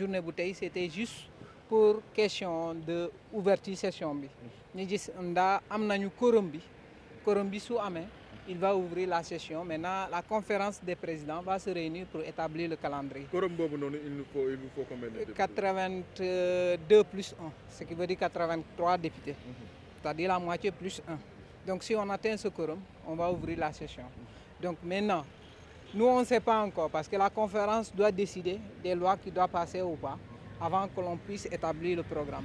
journée bu tey c'était juste pour question de ouverture session bi ñu gis ndaa am nañu quorum bi quorum bi su amee il va ouvrir la session la conférence des présidents va se réunir pour le calendrier. quorum boobu noonu il nous faut plus 1 ce qui veut dire 83 députés c'est-à-dire la moitié plus 1 donc si on atteint ce on va ouvrir la session Nous, on ne sait pas encore parce que la conférence doit décider des lois qui doivent passer ou pas avant que l'on puisse établir le programme.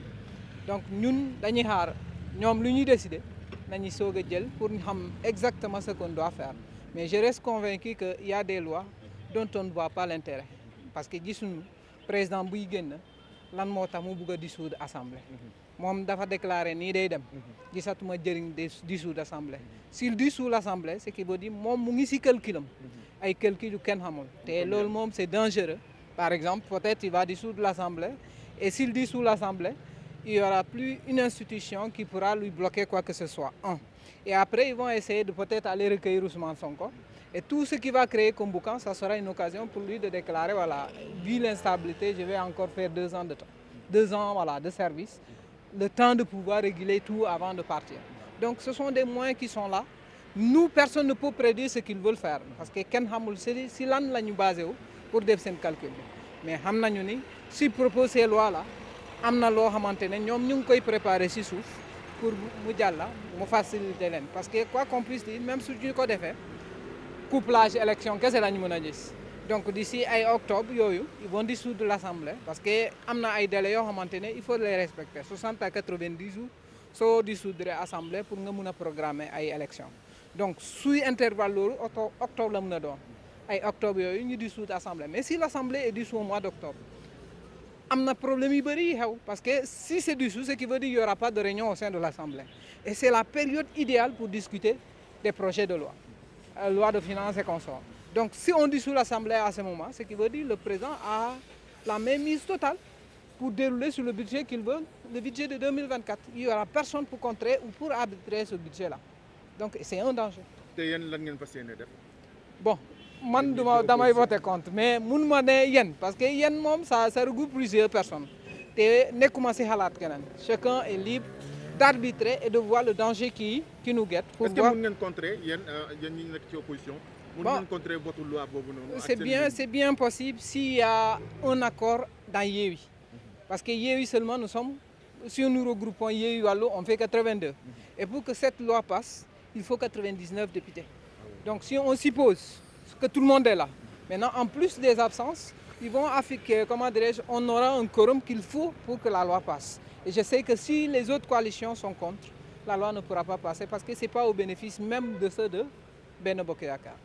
Donc ñun dañuy xaar ñoom lu ñuy décider nañu soog a jël pour ñu xam exactement ce qu'on doit faire mais je reste convaincu que y a des lois donton on ne voit pas l'intérêt parce que gisuñu président buy génn lan moo tax mu bugg a dissoudre assemblée. Mhm. moom dafa déclaré nii day dem. Mhm. gisatuma jëriñ dissoudre assemblée. s'il dissout l'assemblée ce qui veut dire moom mu ngi ci calculam. Mhm. ay calcul yu kenn xamul te loolu moom c'est dangereux par exemple peut-être il va dissoudre l'Assemblée et s'il dissout l'Assemblée il n'y aura plus une institution qui pourra lui bloquer quoi que ce soit un et après ils vont essayer de peut-être aller recueillir Ousmane Sonko et tout ce qui va créer comme boucan ça sera une occasion pour lui de déclarer voilà vu l'instabilité je vais encore faire deux ans de temps deux ans voilà de service le temps de pouvoir réguler tout avant de partir donc ce sont des moyens qui sont là nu personne ne peut prédire ce qu'ils veulent faire parce que kenn xamul si si lan la ñu basé wu pour def seen calcul mais xam nañu ni si proposé loi la am na loo xamante ne ñoom ñu ngi koy préparer si suuf pour mu jàlla mu faciliter leen parce que quoi qu'on puisse dire même suñu ko defee couplage élection kese lañu mën a gis donc si ay octobre yooyu ils vont dissoudre l'assemblée parce que am na ay délais yoo xamante ne il faut les respecter 60 à 90 jours soo dissoudre assemblée pour nga mun a programmer ay élection donc su intervalle loolu octobre octobre la mën a doon ay octobre yooyu ñu dissout assemblée mais si l' assemblée est dissoute au mois d' am na problème yu bëri xew parce que si c' est dissout ce qui veut dire y aura pas de réunion au sein de l' assemblée et c' la période idéale pour discuter des projets de loi euh, loi de finances et consorts donc si on dissout l'assemblée à ce moment ce qui veut dire le président a la mainmise totale pour dérouler sur le budget qu'il veut le budget de 2024 il pour contrer ou pour donc c'est un danger. te yéen lan ngeen fas yéene def. bon man duma damay voter contre mais mun ma ne parce que yéen moom ça ça regroupe plusieurs personnes te nekkuma si xalaat keneen chacun est libre d'arbitrer et de voir le danger qui qui nous guette. pour voir est-ce que mun ngeen contrer yéen euh, yéen ñi nekk ci opposition. bon mun ngeen contrer votre loi boobu c'est bien c'est bien possible s'il y a un accord dans Yewwi parce que Yewwi seulement nous sommes si nous regroupons Yewwi Wallu on fait 82 mhm. et pour que cette il faut 99 députés. Donc si on suppose que tout le monde est là, maintenant en plus des absences, ils vont afficher, comment je un quorum qu'il faut pour que la loi passe. Et que si les autres coalitions sont contre, la loi ne parce que ce n'est pas même de ceux de Benobokéakar.